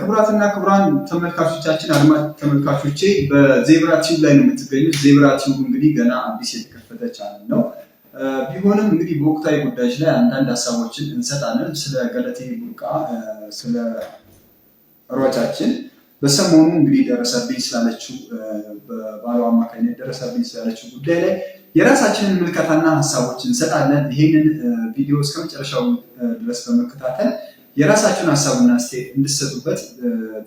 ክቡራትና ክቡራን ተመልካቾቻችን አድማጭ ተመልካቾቼ በዜብራ ቲዩብ ላይ ነው የምትገኙት። ዜብራ ቲዩብ እንግዲህ ገና አዲስ የተከፈተ ቻናል ነው። ቢሆንም እንግዲህ በወቅታዊ ጉዳዮች ላይ አንዳንድ ሀሳቦችን እንሰጣለን። ስለ ገለቴ ቡርቃ፣ ስለ ሯጫችን በሰሞኑ እንግዲህ ደረሰብኝ ስላለችው በባሏ አማካኝነት ደረሰብኝ ስላለችው ጉዳይ ላይ የራሳችንን ምልከታና ሀሳቦች እንሰጣለን። ይህንን ቪዲዮ እስከመጨረሻው ድረስ በመከታተል የራሳችሁን ሀሳብና አስተያየት እንድሰጡበት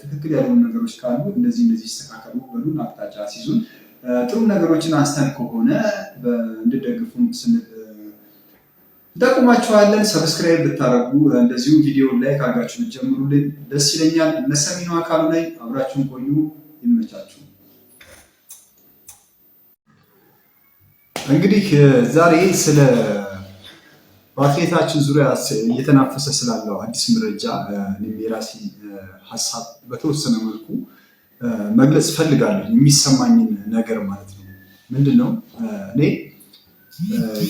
ትክክል ያልሆኑ ነገሮች ካሉ እንደዚህ እንደዚህ ይስተካከሉ በሉን፣ አቅጣጫ ሲዙን፣ ጥሩ ነገሮችን አንስተን ከሆነ እንድደግፉን እንጠቁማችኋለን። ሰብስክራይብ ብታደረጉ፣ እንደዚሁም ቪዲዮ ላይክ አድርጋችሁ ብትጀምሩልን ደስ ይለኛል። መሰሚኑ አካሉ ላይ አብራችሁን ቆዩ። ይመቻችሁ። እንግዲህ ዛሬ ስለ በአትሌታችን ዙሪያ እየተናፈሰ ስላለው አዲስ መረጃ የራሴ ሀሳብ በተወሰነ መልኩ መግለጽ እፈልጋለሁ። የሚሰማኝን ነገር ማለት ነው። ምንድን ነው እኔ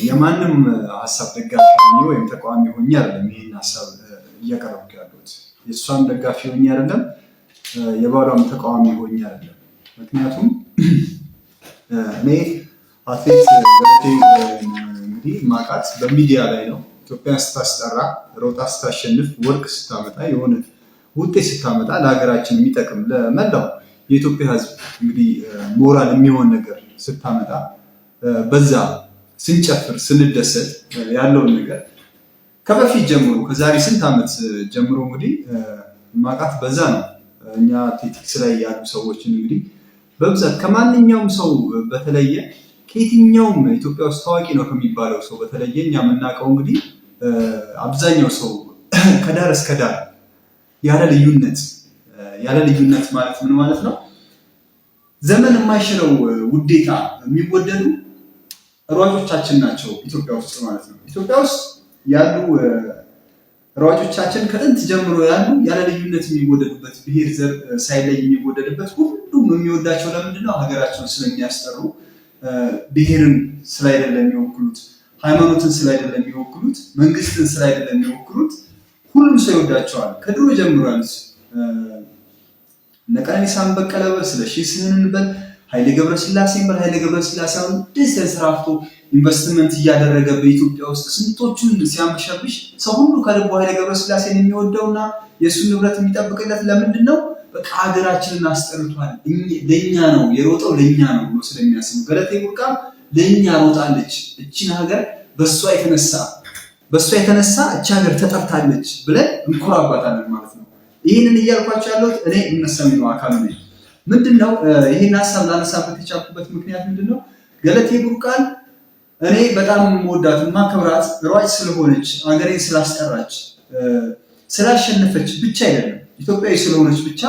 የማንም ሀሳብ ደጋፊ ሆኜ ወይም ተቃዋሚ ሆኜ አይደለም ይህን ሀሳብ እያቀረብኩ ያለሁት። የእሷም ደጋፊ ሆኜ አይደለም፣ የባሏም ተቃዋሚ ሆኜ አይደለም። ምክንያቱም እኔ አትሌት እንግዲህ ማቃት በሚዲያ ላይ ነው። ኢትዮጵያን ስታስጠራ፣ ሮጣ ስታሸንፍ፣ ወርቅ ስታመጣ፣ የሆነ ውጤት ስታመጣ ለሀገራችን የሚጠቅም ለመላው የኢትዮጵያ ሕዝብ እንግዲህ ሞራል የሚሆን ነገር ስታመጣ በዛ ስንጨፍር ስንደሰት ያለውን ነገር ከበፊት ጀምሮ ከዛሬ ስንት ዓመት ጀምሮ እንግዲህ ማቃት በዛ ነው። እኛ አትሌቲክስ ላይ ያሉ ሰዎችን እንግዲህ በብዛት ከማንኛውም ሰው በተለየ ከየትኛውም ኢትዮጵያ ውስጥ ታዋቂ ነው ከሚባለው ሰው በተለየ እኛ የምናውቀው እንግዲህ አብዛኛው ሰው ከዳር እስከ ዳር ያለ ልዩነት ያለ ልዩነት ማለት ምን ማለት ነው? ዘመን የማይሽረው ውዴታ የሚወደዱ ሯጮቻችን ናቸው ኢትዮጵያ ውስጥ ማለት ነው። ኢትዮጵያ ውስጥ ያሉ ሯጮቻችን ከጥንት ጀምሮ ያሉ ያለ ልዩነት የሚወደዱበት ብሔር፣ ዘር ሳይለይ የሚወደድበት ሁሉም የሚወዳቸው ለምንድነው? ሀገራቸውን ስለሚያስጠሩ ብሔርን ስለ አይደለም የሚወክሉት፣ ሃይማኖትን ስለ አይደለም የሚወክሉት፣ መንግስትን ስለ አይደለም የሚወክሉት፣ ሁሉም ሰው ይወዳቸዋል። ከድሮ ጀምሮ ያሉት እነ ቀነኒሳን በቀለ በል፣ ስለ ሺህ ስህንን በል፣ ኃይሌ ገብረስላሴ በል። ኃይሌ ገብረስላሴ አሁን ደስ ተንሰራፍቶ ኢንቨስትመንት እያደረገ በኢትዮጵያ ውስጥ ስንቶቹን ሲያመሸብሽ ሰው ሁሉ ከልቦ ኃይሌ ገብረስላሴን የሚወደውና የእሱን ንብረት የሚጠብቅለት ለምንድን ነው? በቃ ሀገራችንን አስጠርቷል። ለእኛ ነው የሮጠው ለእኛ ነው ብሎ ስለሚያስቡ ገለቴ ቡርቃ ለእኛ ሮጣለች፣ እችን ሀገር በእሷ የተነሳ በእሷ የተነሳ እች ሀገር ተጠርታለች ብለን እንኮራባታለን ማለት ነው። ይህንን እያልኳቸው ያለሁት እኔ እነሰሚ ነው አካል ነኝ። ምንድን ነው ይህን ሀሳብ ላነሳበት የቻልኩበት ምክንያት ምንድን ነው? ገለቴ ቡርቃን እኔ በጣም የምወዳት የማከብራት ሯጭ ስለሆነች ሀገሬን ስላስጠራች ስላሸነፈች ብቻ አይደለም ኢትዮጵያዊ ስለሆነች ብቻ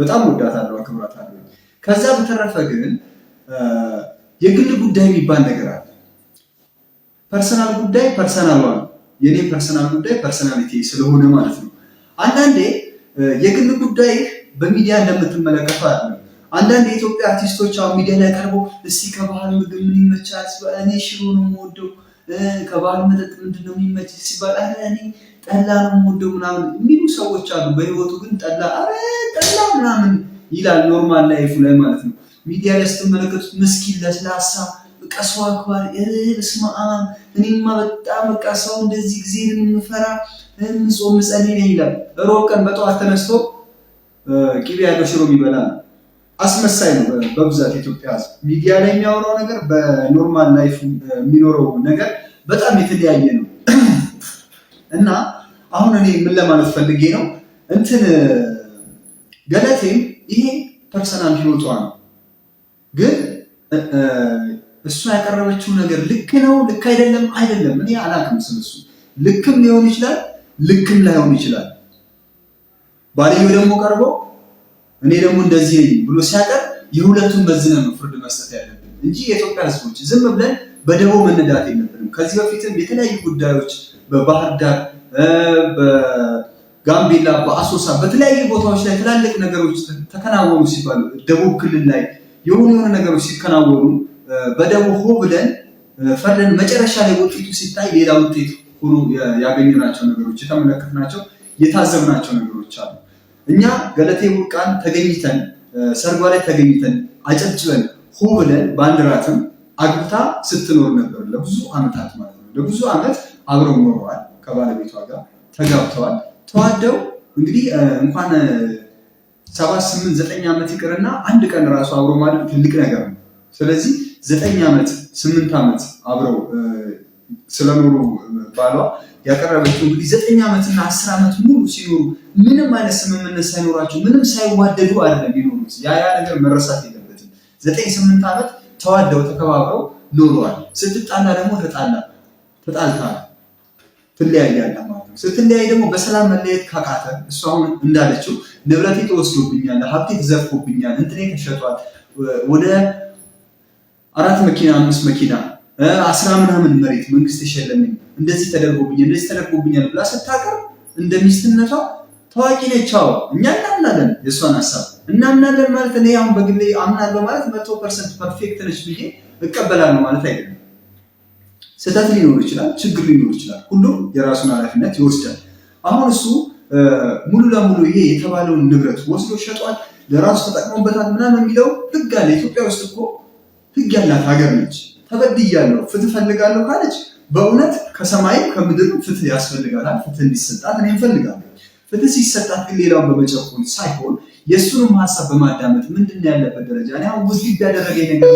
በጣም ወዳታለሁ፣ አክብራታለሁ። ከዛ በተረፈ ግን የግል ጉዳይ የሚባል ነገር አለ። ፐርሰናል ጉዳይ ፐርሰናል ነው። የኔ ፐርሰናል ጉዳይ ፐርሰናሊቲ ስለሆነ ማለት ነው። አንዳንዴ የግል ጉዳይ በሚዲያ እንደምትመለከቱ አለ። አንዳንድ የኢትዮጵያ አርቲስቶች አሁን ሚዲያ ላይ ቀርበው እስቲ ከባህል ምግብ ምን ይመቻል? እኔ ሽሮ ነው የምወደው። ከባህል መጠጥ ምንድን ነው የሚመች ሲባል እኔ ጠላ ነው የምወደው ምናምን የሚሉ ሰዎች አሉ። በህይወቱ ግን ጠላ አረ ጠላ ምናምን ይላል። ኖርማል ላይፉ ላይ ማለት ነው። ሚዲያ ላይ ስትመለከቱት ምስኪን ለስላሳ በቃ ሰው አክባሪ እስማ እኔማ በጣም በቃ ሰው እንደዚህ ጊዜ የምፈራ ምጾም ምጸኔ ነኝ ይላል። ሮብ ቀን በጠዋት ተነስቶ ቅቤ ያለው ሽሮ የሚበላ ነው። አስመሳይ ነው። በብዛት ኢትዮጵያ ህዝብ ሚዲያ ላይ የሚያወራው ነገር በኖርማል ላይፍ የሚኖረው ነገር በጣም የተለያየ ነው። እና አሁን እኔ ምን ለማለት ፈልጌ ነው እንትን ገለቴም ይሄ ፐርሰናል ህይወቷ ነው፣ ግን እሷ ያቀረበችው ነገር ልክ ነው ልክ አይደለም አይደለም እኔ አላውቅም ስለሱ። ልክም ሊሆን ይችላል ልክም ላይሆን ይችላል። ባልየው ደግሞ ቀርቦ እኔ ደግሞ እንደዚህ ነኝ ብሎ ሲያቀርብ የሁለቱም መዝነን ነው ፍርድ መስጠት ያለብን እንጂ የኢትዮጵያ ህዝቦች ዝም ብለን በደቦ መነዳት የለብንም። ከዚህ በፊትም የተለያዩ ጉዳዮች በባህር ዳር፣ በጋምቤላ፣ በአሶሳ በተለያዩ ቦታዎች ላይ ትላልቅ ነገሮች ተከናወኑ ሲባሉ ደቡብ ክልል ላይ የሆኑ የሆነ ነገሮች ሲከናወኑ በደቡብ ሆ ብለን ፈርደን መጨረሻ ላይ ውጤቱ ሲታይ ሌላ ውጤት ሆኖ ያገኘናቸው ነገሮች የተመለከትናቸው የታዘብናቸው ነገሮች አሉ። እኛ ገለቴ ቡርቃን ተገኝተን ሰርጓ ላይ ተገኝተን አጨብጭበን ሆ ብለን ባንዲራትም አግብታ ስትኖር ነበር ለብዙ ዓመታት ማለት ነው። ለብዙ ዓመት አብረው ኖረዋል። ከባለቤቷ ጋር ተጋብተዋል። ተዋደው እንግዲህ እንኳን ሰባት ስምንት ዘጠኝ ዓመት ይቅርና አንድ ቀን ራሱ አብሮ ማድረግ ትልቅ ነገር ነው። ስለዚህ ዘጠኝ ዓመት ስምንት ዓመት አብረው ስለኖሩ ባሏ ያቀረበችው እንግዲህ ዘጠኝ ዓመትና አስር ዓመት ሙሉ ሲኖሩ ምንም አይነት ስምምነት ሳይኖራቸው ምንም ሳይዋደዱ አይደለም ይኖሩት። ያ ያ ነገር መረሳት የለበትም። ዘጠኝ ስምንት ዓመት ተዋደው ተከባብረው ኖረዋል። ስትጣላ ደግሞ ተጣላ ተጣልተሃል፣ ትለያያለህ ማለት ነው። ስትለያይ ደግሞ በሰላም መለየት ካቃተ እሱ እንዳለችው ንብረቴ ተወስዶብኛል፣ ሀብቴ ተዘርፎብኛል፣ እንትኔ ተሸጧል፣ ወደ አራት መኪና አምስት መኪና አስራ ምናምን መሬት መንግስት የሸለመኝ እንደዚህ ተደርጎብኛል፣ እንደዚህ ተደርጎብኛል ብላ ስታቀርብ እንደ ሚስትነቷ ታዋቂ ነች። አዎ እኛ እናምናለን፣ የእሷን ሀሳብ እናምናለን ማለት እኔ አሁን በግሌ አምናለሁ ማለት መቶ ፐርሰንት ፐርፌክት ነች ብዬ እቀበላለሁ ማለት አይደለም። ስህተት ሊኖር ይችላል፣ ችግር ሊኖር ይችላል። ሁሉም የራሱን ኃላፊነት ይወስዳል። አሁን እሱ ሙሉ ለሙሉ ይሄ የተባለውን ንብረት ወስዶ ሸጧል፣ ለራሱ ተጠቅሞበታል ምናምን የሚለው ህግ አለ። ኢትዮጵያ ውስጥ እኮ ህግ ያላት ሀገር ነች። ተበድያለሁ፣ ፍትህ ፈልጋለሁ ካለች በእውነት ከሰማይ ከምድር ፍትህ ያስፈልጋታል። ፍትህ እንዲሰጣት እኔ እፈልጋለሁ። ፍትህ ሲሰጣት ግን ሌላውን በመጨቆን ሳይሆን የእሱንም ሀሳብ በማዳመጥ ምንድን ያለበት ደረጃ እኔ አሁን ውዝግብ ያደረገ ነገር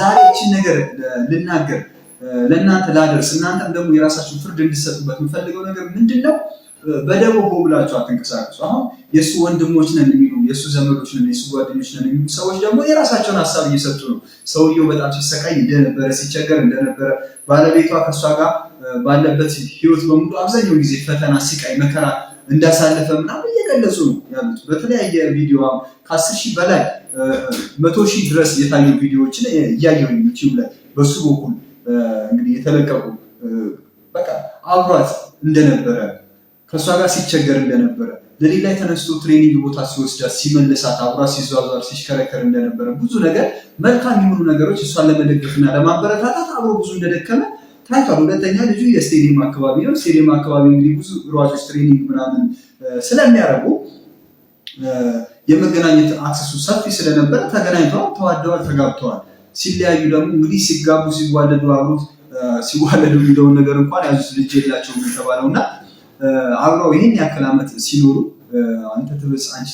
ዛሬ ይህችን ነገር ልናገር ለእናንተ ላደርስ እናንተም ደግሞ የራሳችሁን ፍርድ እንድሰጡበት የምፈልገው ነገር ምንድን ነው? በደቦ ሆ ብላችሁ አትንቀሳቀሱ። አሁን የእሱ ወንድሞች ነን የሚሉ የእሱ ዘመዶች ነን የእሱ ጓደኞች ነን የሚሉ ሰዎች ደግሞ የራሳቸውን ሀሳብ እየሰጡ ነው። ሰውየው በጣም ሲሰቃይ እንደነበረ፣ ሲቸገር እንደነበረ ባለቤቷ ከእሷ ጋር ባለበት ህይወት በሙሉ አብዛኛው ጊዜ ፈተና፣ ሲቃይ፣ መከራ እንዳሳለፈ ምናምን እየገለጹ ነው ያሉት። በተለያየ ቪዲዮ ከአስር ሺህ በላይ መቶ ሺህ ድረስ የታዩ ቪዲዮዎችን እያየሁ ዩቲዩብ ላይ በሱ በኩል እንግዲህ የተለቀቁ በቃ አብሯት እንደነበረ ከእሷ ጋር ሲቸገር እንደነበረ ለሌላ ተነስቶ ትሬኒንግ ቦታ ሲወስዳት ሲመልሳት አብሯት ሲዟዟር ሲሽከረከር እንደነበረ ብዙ ነገር መልካም የሆኑ ነገሮች እሷን ለመደገፍና ለማበረታታት አብሮ ብዙ እንደደከመ ታይቷል። ሁለተኛ ልጁ የስቴዲየም አካባቢ ነው። ስቴዲየም አካባቢ እንግዲህ ብዙ ሯጮች ትሬኒንግ ምናምን ስለሚያደርጉ የመገናኘት አክሰሱ ሰፊ ስለነበረ ተገናኝተዋል፣ ተዋደዋል፣ ተጋብተዋል። ሲለያዩ ደግሞ እንግዲህ ሲጋቡ ሲዋለዱ አብሮት ሲዋለዱ የሚለውን ነገር እንኳን ያዙት ልጅ የላቸው የተባለው እና አብረው ይህን ያክል ዓመት ሲኖሩ አንተ ትብስ አንቺ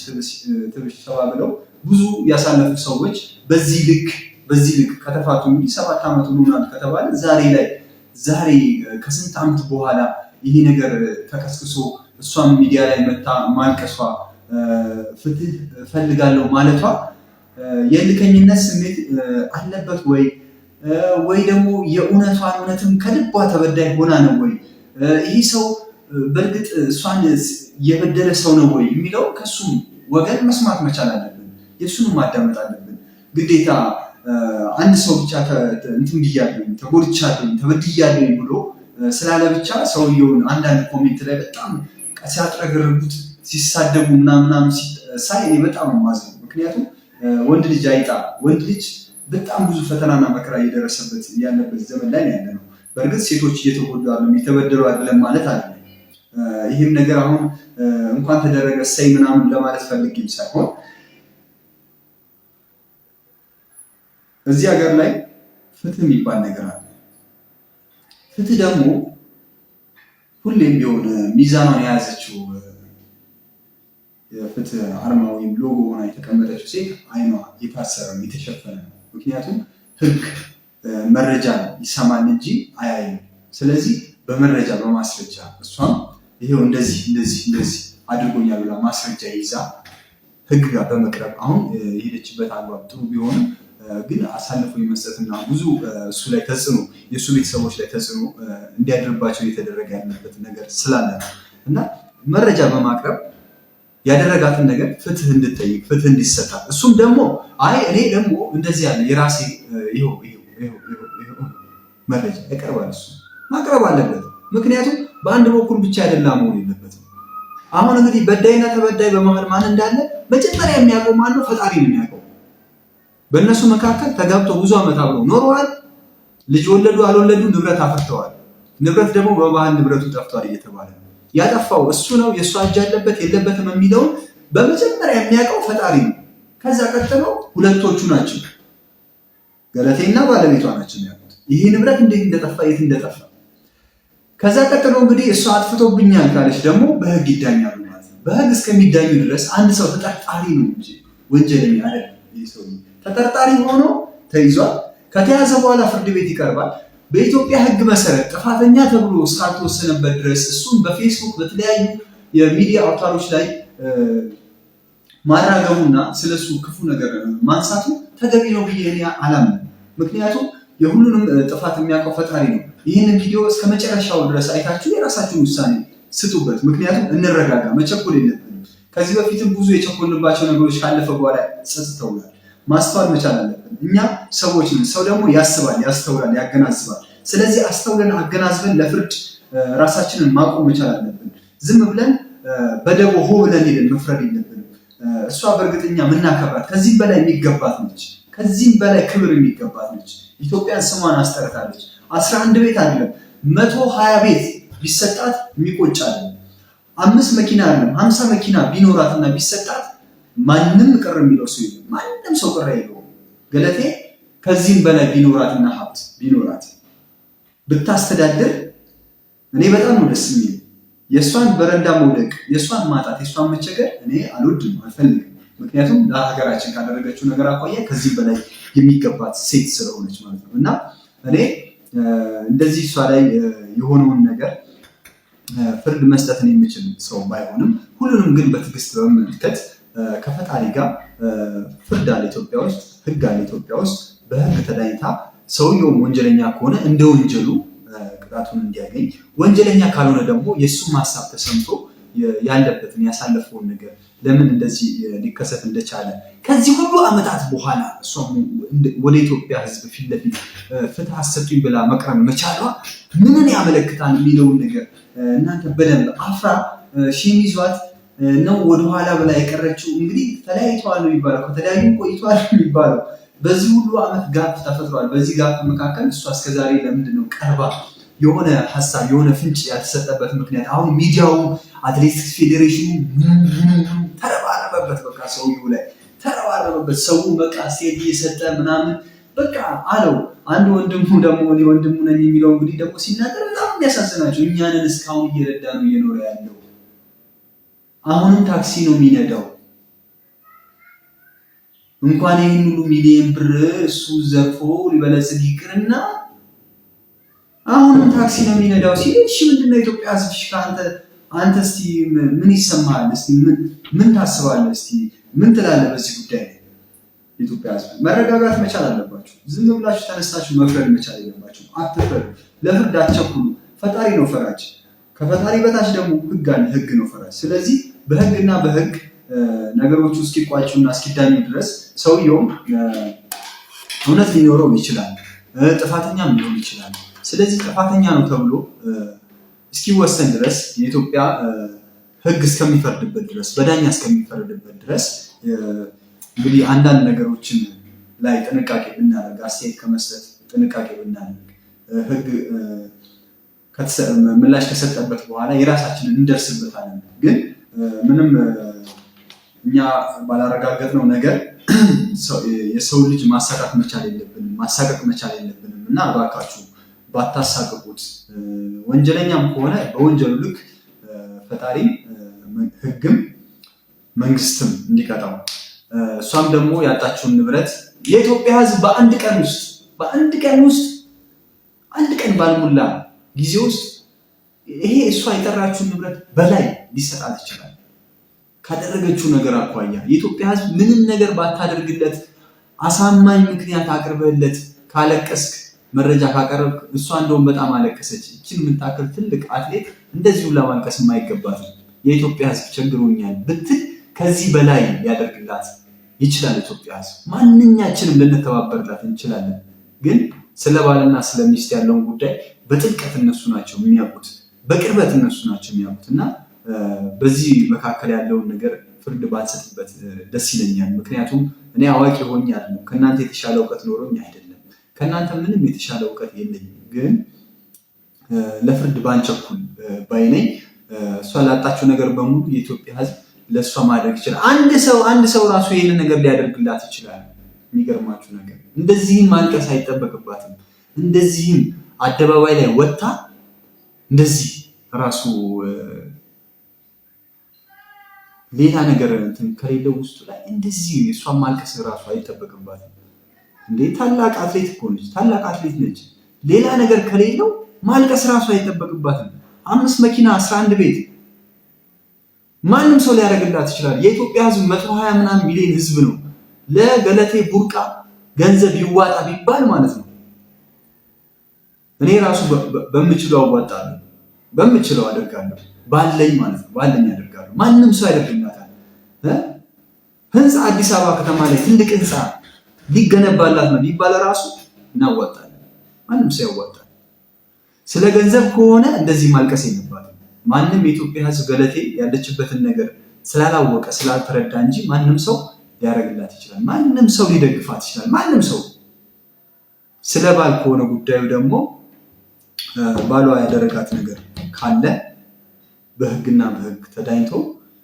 ትብስ ተባብለው ብዙ ያሳለፉ ሰዎች በዚህ ልክ በዚህ ልክ ከተፋቱ እንግዲህ ሰባት ዓመት ሆኖናል ከተባለ ዛሬ ላይ ዛሬ ከስንት ዓመት በኋላ ይሄ ነገር ተከስክሶ እሷም ሚዲያ ላይ መታ ማልቀሷ ፍትህ ፈልጋለው ማለቷ የልከኝነት ስሜት አለበት ወይ ወይ ደግሞ የእውነቷን እውነትም ከልቧ ተበዳይ ሆና ነው ወይ ይህ ሰው በእርግጥ እሷን የበደለ ሰው ነው ወይ የሚለው ከሱ ወገን መስማት መቻል አለብን። የእሱንም ማዳመጥ አለብን ግዴታ። አንድ ሰው ብቻ እንትን ብያለኝ፣ ተጎድቻለኝ፣ ተበድያለኝ ብሎ ስላለ ብቻ ሰውየውን አንዳንድ ኮሜንት ላይ በጣም ሲያጥረገርጉት ሲሳደቡ ምናምናም ሳይ በጣም ማዝ ምክንያቱም ወንድ ልጅ አይጣ ወንድ ልጅ በጣም ብዙ ፈተናና መከራ እየደረሰበት ያለበት ዘመን ላይ ያለ ነው። በእርግጥ ሴቶች እየተጎዱ አለም እየተበደሉ አይደለም ማለት አለ። ይህም ነገር አሁን እንኳን ተደረገ ሰይ ምናምን ለማለት ፈልግም ሳይሆን እዚህ ሀገር ላይ ፍትህ የሚባል ነገር አለ። ፍትህ ደግሞ ሁሌም ቢሆን ሚዛኗን የያዘችው የፍትህ አርማ ወይም ሎጎ ሆና የተቀመጠችው ሴት አይኗ የታሰረ የተሸፈነ ነው። ምክንያቱም ህግ መረጃ ይሰማል እንጂ አያይም። ስለዚህ በመረጃ በማስረጃ እሷም ይሄው እንደዚህ እንደዚህ እንደዚህ አድርጎኛል ብላ ማስረጃ ይዛ ህግ ጋር በመቅረብ አሁን የሄደችበት አግባብ ጥሩ ቢሆንም ግን አሳልፎ የመስጠትና ብዙ እሱ ላይ ተጽዕኖ የእሱ ቤተሰቦች ላይ ተጽዕኖ እንዲያድርባቸው እየተደረገ ያለበት ነገር ስላለ ነው እና መረጃ በማቅረብ ያደረጋትን ነገር ፍትህ እንድጠይቅ ፍትህ እንዲሰጣ እሱም ደግሞ አይ እኔ ደግሞ እንደዚህ ያለ የራሴ ይኸው መረጃ ያቀርባል። እሱ ማቅረብ አለበት። ምክንያቱም በአንድ በኩል ብቻ አይደላ መሆን የለበትም። አሁን እንግዲህ በዳይና ተበዳይ በመሀል ማን እንዳለ መጀመሪያ የሚያውቀው ማን ነው? ፈጣሪ ነው የሚያውቀው። በእነሱ መካከል ተጋብቶ ብዙ ዓመት አብረው ኖረዋል። ልጅ ወለዱ አልወለዱ፣ ንብረት አፍርተዋል። ንብረት ደግሞ በባህል ንብረቱ ጠፍቷል እየተባለ ነው ያጠፋው እሱ ነው፣ የእሱ እጅ አለበት የለበትም የሚለውን በመጀመሪያ የሚያውቀው ፈጣሪ ነው። ከዛ ቀጥለው ሁለቶቹ ናቸው፣ ገለቴና ባለቤቷ ናቸው ያሉት። ይሄ ንብረት እንዴት እንደጠፋ የት እንደጠፋ። ከዛ ቀጥሎ እንግዲህ እሷ አጥፍቶብኛል ካለች ደግሞ በህግ ይዳኛሉ ማለት ነው። በህግ እስከሚዳኙ ድረስ አንድ ሰው ተጠርጣሪ ነው እንጂ ወንጀለኛ አይደለም። ተጠርጣሪ ሆኖ ተይዟል። ከተያዘ በኋላ ፍርድ ቤት ይቀርባል። በኢትዮጵያ ሕግ መሰረት ጥፋተኛ ተብሎ እስካልተወሰነበት ድረስ እሱም በፌስቡክ በተለያዩ የሚዲያ አውታሮች ላይ ማራገሙና ስለሱ ክፉ ነገር ማንሳቱ ተገቢ ነው ብዬ እኔ አላምንም። ምክንያቱም የሁሉንም ጥፋት የሚያውቀው ፈጣሪ ነው። ይህንን ቪዲዮ እስከ መጨረሻው ድረስ አይታችሁ የራሳችሁን ውሳኔ ስጡበት። ምክንያቱም እንረጋጋ፣ መቸኮል የለብንም። ከዚህ በፊትም ብዙ የቸኮልንባቸው ነገሮች ካለፈ በኋላ ጸጥተውላል። ማስተዋል መቻል አለብን። እኛ ሰዎች ነን። ሰው ደግሞ ያስባል፣ ያስተውላል፣ ያገናዝባል። ስለዚህ አስተውለን አገናዝበን ለፍርድ ራሳችንን ማቆም መቻል አለብን። ዝም ብለን በደቦ ሆ ብለን ሄደን መፍረድ የለብን። እሷ በእርግጠኛ ምናከብራት ከዚህም በላይ የሚገባት ነች። ከዚህም በላይ ክብር የሚገባት ነች። ኢትዮጵያን ስሟን አስጠርታለች። አስራ አንድ ቤት አይደለም መቶ ሀያ ቤት ቢሰጣት የሚቆጫለን። አምስት መኪና አይደለም ሀምሳ መኪና ቢኖራትና ቢሰጣት ማንም ቅር የሚለው ሰው የለም። ማንም ሰው ቅር የለውም። ገለቴ ከዚህም በላይ ቢኖራትና ሀብት ቢኖራት ብታስተዳድር እኔ በጣም ነው ደስ የሚል። የእሷን በረንዳ መውደቅ፣ የእሷን ማጣት፣ የእሷን መቸገር እኔ አልወድም አልፈልግም። ምክንያቱም ለሀገራችን ካደረገችው ነገር አኳያ ከዚህ በላይ የሚገባት ሴት ስለሆነች ማለት ነው እና እኔ እንደዚህ እሷ ላይ የሆነውን ነገር ፍርድ መስጠትን የምችል ሰው ባይሆንም ሁሉንም ግን በትዕግስት በመመልከት ከፈጣሪ ጋር ፍርድ አለ ኢትዮጵያ ውስጥ፣ ህግ አለ ኢትዮጵያ ውስጥ። በህግ ተዳኝታ ሰውየውም ወንጀለኛ ከሆነ እንደ ወንጀሉ ቅጣቱን እንዲያገኝ፣ ወንጀለኛ ካልሆነ ደግሞ የእሱም ሀሳብ ተሰምቶ ያለበትን ያሳለፈውን ነገር ለምን እንደዚህ ሊከሰት እንደቻለ ከዚህ ሁሉ ዓመታት በኋላ እሷም ወደ ኢትዮጵያ ህዝብ ፊት ለፊት ፍትህ አሰጡኝ ብላ መቅረብ መቻሏ ምንን ያመለክታል የሚለውን ነገር እናንተ በደንብ አፍራ ሺሚዟት ይዟት ነው ወደኋላ ብላ የቀረችው። እንግዲህ ተለያይተዋል ነው የሚባለው፣ ከተለያዩ ቆይተዋል ነው የሚባለው። በዚህ ሁሉ ዓመት ጋፕ ተፈጥሯል። በዚህ ጋፕ መካከል እሷ እስከዛሬ ለምንድን ነው ቀርባ የሆነ ሀሳብ የሆነ ፍንጭ ያልተሰጠበት ምክንያት? አሁን ሚዲያው አትሌቲክስ ፌዴሬሽኑ ተረባረበበት፣ በቃ ሰውዬው ላይ ተረባረበበት። ሰው በቃ ሴት እየሰጠ ምናምን በቃ አለው። አንድ ወንድሙ ደግሞ ወንድሙ ነኝ የሚለው እንግዲህ ደግሞ ሲናገር በጣም የሚያሳዝናቸው እኛንን እስካሁን እየረዳ ነው እየኖረ ያለው አሁንም ታክሲ ነው የሚነዳው። እንኳን ይህን ሁሉ ሚሊየን ብር እሱ ዘርፎ ሊበለጽግ ይቅርና አሁንም ታክሲ ነው የሚነዳው ሲል እሺ፣ ምንድነው ኢትዮጵያ ሕዝብ ከአንተ አንተ እስቲ ምን ይሰማሃል? እስቲ ምን ታስባለህ? እስቲ ምን ትላለህ በዚህ ጉዳይ? ኢትዮጵያ ሕዝብ መረጋጋት መቻል አለባቸው። ዝም ብላችሁ ተነሳችሁ መፍረድ መቻል የለባቸው። አትፍረዱ፣ ለፍርድ አትቸኩሉ። ፈጣሪ ነው ፈራጅ። ከፈጣሪ በታች ደግሞ ህግ አለ። ህግ ነው ፈራጅ። ስለዚህ በህግና በህግ ነገሮቹ እስኪቋጩና እስኪዳኙ ድረስ ሰውየውም እውነት ሊኖረው ይችላል፣ ጥፋተኛም ሊሆን ይችላል። ስለዚህ ጥፋተኛ ነው ተብሎ እስኪወሰን ድረስ የኢትዮጵያ ህግ እስከሚፈርድበት ድረስ በዳኛ እስከሚፈርድበት ድረስ እንግዲህ አንዳንድ ነገሮችን ላይ ጥንቃቄ ብናደርግ፣ አስተያየት ከመስጠት ጥንቃቄ ብናደርግ፣ ህግ ምላሽ ከሰጠበት በኋላ የራሳችንን እንደርስበታለን ግን ምንም እኛ ባላረጋገጥነው ነገር የሰው ልጅ ማሳቃት መቻል የለብንም፣ ማሳቀቅ መቻል የለብንም እና እባካችሁ ባታሳቅቁት። ወንጀለኛም ከሆነ በወንጀሉ ልክ ፈጣሪም ሕግም መንግስትም እንዲቀጣው እሷም ደግሞ ያጣችውን ንብረት የኢትዮጵያ ሕዝብ በአንድ ቀን ውስጥ በአንድ ቀን ውስጥ አንድ ቀን ባልሞላ ጊዜ ውስጥ የእሷ የጠራችውን ንብረት በላይ ሊሰጣት ይችላል። ካደረገችው ነገር አኳያ የኢትዮጵያ ሕዝብ ምንም ነገር ባታደርግለት አሳማኝ ምክንያት አቅርበለት ካለቀስክ መረጃ ካቀረብክ እሷ እንደውም በጣም አለቀሰች። እችን የምታክል ትልቅ አትሌት እንደዚሁ ለማልቀስ የማይገባት የኢትዮጵያ ሕዝብ ቸግሮኛል ብትል ከዚህ በላይ ሊያደርግላት ይችላል። ኢትዮጵያ ሕዝብ ማንኛችንም ልንተባበርላት እንችላለን። ግን ስለ ባልና ስለ ሚስት ያለውን ጉዳይ በጥልቀት እነሱ ናቸው የሚያውቁት። በቅርበት እነሱ ናቸው የሚያዩት እና በዚህ መካከል ያለውን ነገር ፍርድ ባልሰጥበት ደስ ይለኛል። ምክንያቱም እኔ አዋቂ ሆኜ አይደለም፣ ከእናንተ የተሻለ እውቀት ኖሮኝ አይደለም፣ ከእናንተ ምንም የተሻለ እውቀት የለኝም። ግን ለፍርድ ባንቸኩል ባይነኝ እሷ ላጣችው ነገር በሙሉ የኢትዮጵያ ሕዝብ ለእሷ ማድረግ ይችላል። አንድ ሰው አንድ ሰው ራሱ ይህንን ነገር ሊያደርግላት ይችላል። የሚገርማችሁ ነገር እንደዚህም ማልቀስ አይጠበቅባትም። እንደዚህም አደባባይ ላይ ወጥታ እንደዚህ ራሱ ሌላ ነገር እንትን ከሌለው ውስጡ ላይ እንደዚህ እሷን ማልቀስ ራሱ አይጠበቅባትም እንዴ! ታላቅ አትሌት እኮ ነች፣ ታላቅ አትሌት ነች። ሌላ ነገር ከሌለው ማልቀስ ራሱ አይጠበቅባትም። አምስት መኪና አስራ አንድ ቤት ማንም ሰው ሊያደርግላት ይችላል። የኢትዮጵያ ህዝብ መቶ ሀያ ምናምን ሚሊዮን ህዝብ ነው። ለገለቴ ቡርቃ ገንዘብ ይዋጣ ቢባል ማለት ነው እኔ ራሱ በምችለው አዋጣለሁ። በምችለው አደርጋለሁ፣ ባለኝ ማለት ነው። ባለኝ አደርጋለሁ። ማንም ሰው ያደርግላታል። ህንፃ አዲስ አበባ ከተማ ላይ ትልቅ ህንፃ ሊገነባላት ነው ቢባል ራሱ እናዋጣለን። ማንም ሰው ያዋጣል። ስለ ገንዘብ ከሆነ እንደዚህ ማልቀስ የለባትም። ማንም የኢትዮጵያ ህዝብ ገለቴ ያለችበትን ነገር ስላላወቀ ስላልተረዳ እንጂ ማንም ሰው ሊያደርግላት ይችላል። ማንም ሰው ሊደግፋት ይችላል። ማንም ሰው ስለ ባል ከሆነ ጉዳዩ ደግሞ ባሏ ያደረጋት ነገር ካለ በህግና በህግ ተዳኝቶ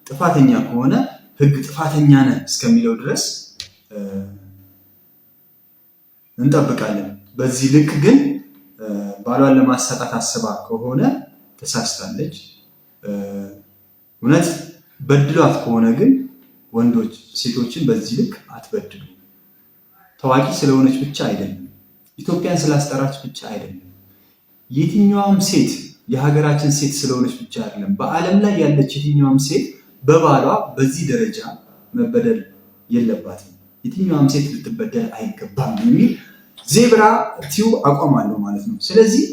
ጥፋተኛ ከሆነ ህግ ጥፋተኛ ነህ እስከሚለው ድረስ እንጠብቃለን። በዚህ ልክ ግን ባሏን ለማሳጣት አስባ ከሆነ ተሳስታለች። እውነት በድሏት ከሆነ ግን ወንዶች ሴቶችን በዚህ ልክ አትበድሉ። ታዋቂ ስለሆነች ብቻ አይደለም፣ ኢትዮጵያን ስላስጠራች ብቻ አይደለም። የትኛዋም ሴት የሀገራችን ሴት ስለሆነች ብቻ አይደለም። በዓለም ላይ ያለች የትኛውም ሴት በባሏ በዚህ ደረጃ መበደል የለባትም። የትኛውም ሴት ልትበደል አይገባም የሚል ዜብራ ቲዩ አቋም አለው ማለት ነው። ስለዚህ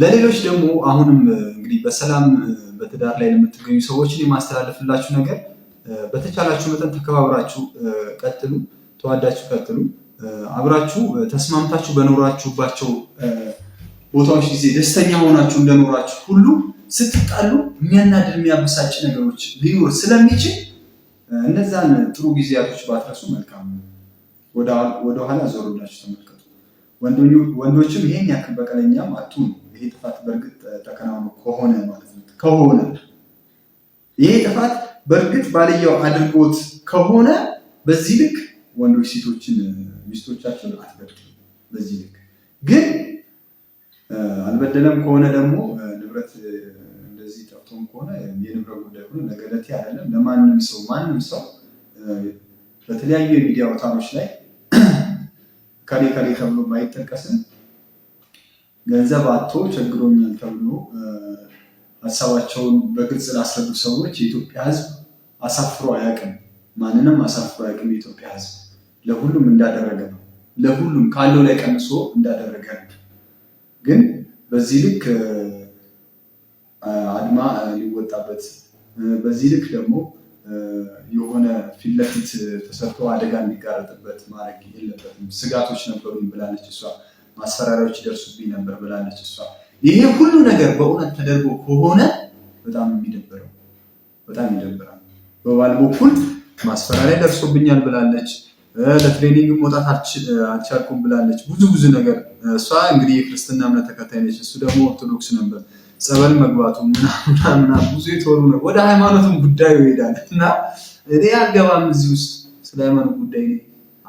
ለሌሎች ደግሞ አሁንም እንግዲህ በሰላም በትዳር ላይ ለምትገኙ ሰዎችን የማስተላለፍላችሁ ነገር በተቻላችሁ መጠን ተከባብራችሁ ቀጥሉ፣ ተዋዳችሁ ቀጥሉ። አብራችሁ ተስማምታችሁ በኖራችሁባቸው ቦታዎች ጊዜ ደስተኛ ሆናችሁ እንደኖራችሁ ሁሉ ስትጣሉ የሚያናድድ የሚያበሳጭ ነገሮች ሊኖር ስለሚችል እነዛን ጥሩ ጊዜያቶች ባትረሱ መልካም ነው። ወደኋላ ዞር ብላችሁ ተመልከቱ። ወንዶችም ይሄን ያክል በቀለኛም አትሁኑ። ይሄ ጥፋት በእርግጥ ተከናውኖ ከሆነ ማለት ነው ከሆነ ይሄ ጥፋት በእርግጥ ባልየው አድርጎት ከሆነ በዚህ ልክ ወንዶች ሴቶችን ሚስቶቻችን አትበድሉ። በዚህ ልክ ግን አልበደለም ከሆነ ደግሞ ንብረት እንደዚህ ጠፍቶም ከሆነ የንብረት ጉዳይ ሆነ ነገለቴ አይደለም። ለማንም ሰው ማንም ሰው በተለያዩ የሚዲያ አውታሮች ላይ ከሌ ከሌ ተብሎ ባይጠቀስም ገንዘብ አቶ ቸግሮኛል ተብሎ ሀሳባቸውን በግልጽ ላሰሉ ሰዎች የኢትዮጵያ ሕዝብ አሳፍሮ አያውቅም። ማንንም አሳፍሮ አያውቅም የኢትዮጵያ ሕዝብ ለሁሉም እንዳደረገ ነው። ለሁሉም ካለው ላይ ቀንሶ እንዳደረገ ነው። ግን በዚህ ልክ አድማ ሊወጣበት በዚህ ልክ ደግሞ የሆነ ፊት ለፊት ተሰርቶ አደጋ የሚጋረጥበት ማድረግ የለበትም። ስጋቶች ነበሩኝ ብላለች እሷ። ማስፈራሪያዎች ይደርሱብኝ ነበር ብላለች እሷ። ይሄ ሁሉ ነገር በእውነት ተደርጎ ከሆነ በጣም የሚደብረው በጣም ይደብራል። በባል በኩል ማስፈራሪያ ደርሶብኛል ብላለች። ለትሬኒንግ መውጣት አልቻልኩም ብላለች። ብዙ ብዙ ነገር እሷ እንግዲህ የክርስትና እምነት ተከታይ ነች፣ እሱ ደግሞ ኦርቶዶክስ ነበር። ጸበል መግባቱ ምናምና ብዙ የተወሩ ነው። ወደ ሃይማኖትም ጉዳዩ ይሄዳል እና እኔ አልገባም እዚህ ውስጥ ስለ ሃይማኖት ጉዳይ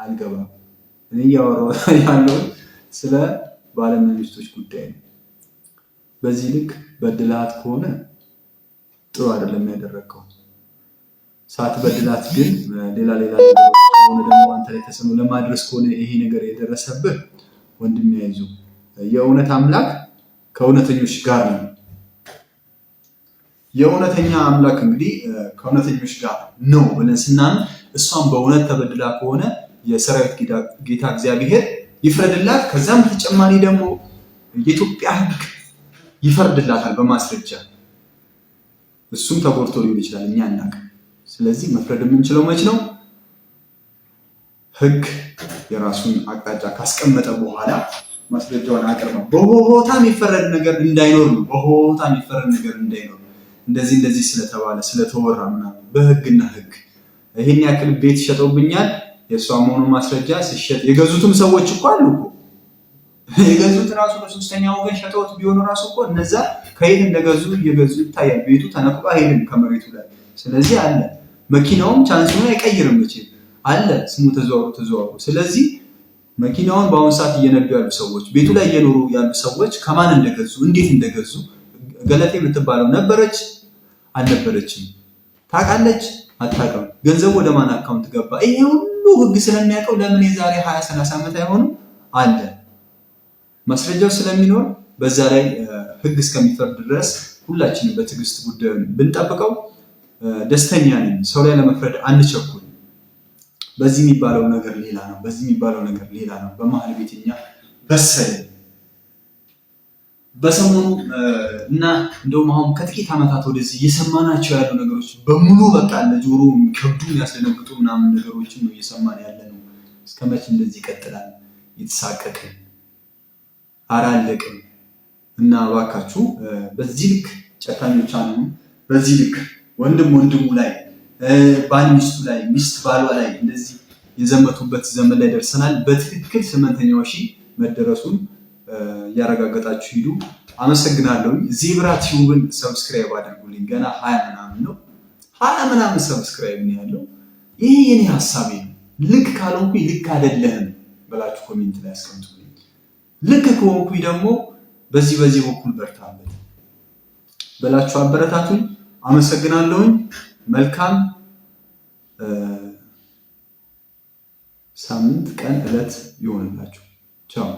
አልገባም። እኔ እያወራሁ ያለው ስለ ባልና ሚስቶች ጉዳይ ነው። በዚህ ልክ በድልሃት ከሆነ ጥሩ አይደለም ያደረግከው። ሳትበድላት ግን ሌላ ሌላ ከሆነ ደግሞ አንተ ላይ ተጽዕኖ ለማድረስ ከሆነ ይሄ ነገር የደረሰብህ ወንድም ያይዙ የእውነት አምላክ ከእውነተኞች ጋር ነው። የእውነተኛ አምላክ እንግዲህ ከእውነተኞች ጋር ነው ብለን ስናምን እሷን በእውነት ተበድላ ከሆነ የሰራዊት ጌታ እግዚአብሔር ይፍረድላት። ከዛም በተጨማሪ ደግሞ የኢትዮጵያ ሕግ ይፈርድላታል በማስረጃ እሱም ተጎድቶ ሊሆን ይችላል እኛ እናቅ ስለዚህ መፍረድ የምንችለው መች ነው? ህግ የራሱን አቅጣጫ ካስቀመጠ በኋላ ማስረጃውን አቅርበው። በሆታ የሚፈረድ ነገር እንዳይኖር ነው። በሆታ የሚፈረድ ነገር እንዳይኖር እንደዚህ እንደዚህ ስለተባለ ስለተወራ ምናምን በህግና ህግ ይሄን ያክል ቤት ሸጠውብኛል የእሷ መሆኑ ማስረጃ ሲሸጥ የገዙትም ሰዎች እኮ አሉ እኮ የገዙት ራሱ ለሶስተኛ ወገን ሸጠውት ቢሆኑ ራሱ እኮ እነዛ ከየት እንደገዙ እየገዙ ይታያል። ቤቱ ተነቅሎ አይሄድም ከመሬቱ ላይ ስለዚህ አለ መኪናውም ቻንስ ሆነ አይቀይርም መቼም አለ ስሙ ተዘዋሩ ተዘዋሩ። ስለዚህ መኪናውን በአሁኑ ሰዓት እየነዱ ያሉ ሰዎች፣ ቤቱ ላይ እየኖሩ ያሉ ሰዎች ከማን እንደገዙ እንዴት እንደገዙ ገለቴ የምትባለው ነበረች አልነበረችም፣ ታውቃለች አታውቅም፣ ገንዘቡ ወደ ማን አካውንት ገባ፣ ይሄ ሁሉ ህግ ስለሚያውቀው ለምን የዛሬ ሀያ ሰላሳ ዓመት አይሆንም አለ ማስረጃው ስለሚኖር በዛ ላይ ህግ እስከሚፈርድ ድረስ ሁላችንም በትዕግስት ጉዳዩን ብንጠብቀው ደስተኛ ነኝ። ሰው ላይ ለመፍረድ አንቸኩል። በዚህ የሚባለው ነገር ሌላ ነው፣ በዚህ የሚባለው ነገር ሌላ ነው። በመሀል ቤትኛ በሰል በሰሞኑ እና እንደውም አሁን ከጥቂት ዓመታት ወደዚህ እየሰማናቸው ያሉ ነገሮች በሙሉ በቃ ለጆሮ ከብዱ የሚያስደነግጡ ምናምን ነገሮችን ነው እየሰማን ያለ ነው። እስከ መቼ እንደዚህ ይቀጥላል? የተሳቀቅን አራለቅም እና እባካችሁ በዚህ ልክ ጨካኞች አንሁን። በዚህ ልክ ወንድም ወንድሙ ላይ፣ ባል ሚስቱ ላይ፣ ሚስት ባሏ ላይ እንደዚህ የዘመቱበት ዘመን ላይ ደርሰናል። በትክክል ስምንተኛው ሺ መደረሱን እያረጋገጣችሁ ሂዱ። አመሰግናለሁ። ዜብራ ቲዩብን ሰብስክራይብ አድርጉልኝ። ገና ሀያ ምናምን ነው ሀያ ምናምን ሰብስክራይብ ነው ያለው። ይህ የኔ ሀሳቤ ነው። ልክ ካልሆንኩኝ ልክ አይደለህም ብላችሁ ኮሜንት ላይ አስቀምጡልኝ። ልክ ከሆንኩ ደግሞ በዚህ በዚህ በኩል በርታበት ብላችሁ አበረታቱኝ። አመሰግናለሁኝ። መልካም ሳምንት፣ ቀን፣ ዕለት ይሆንላችሁ። ቻው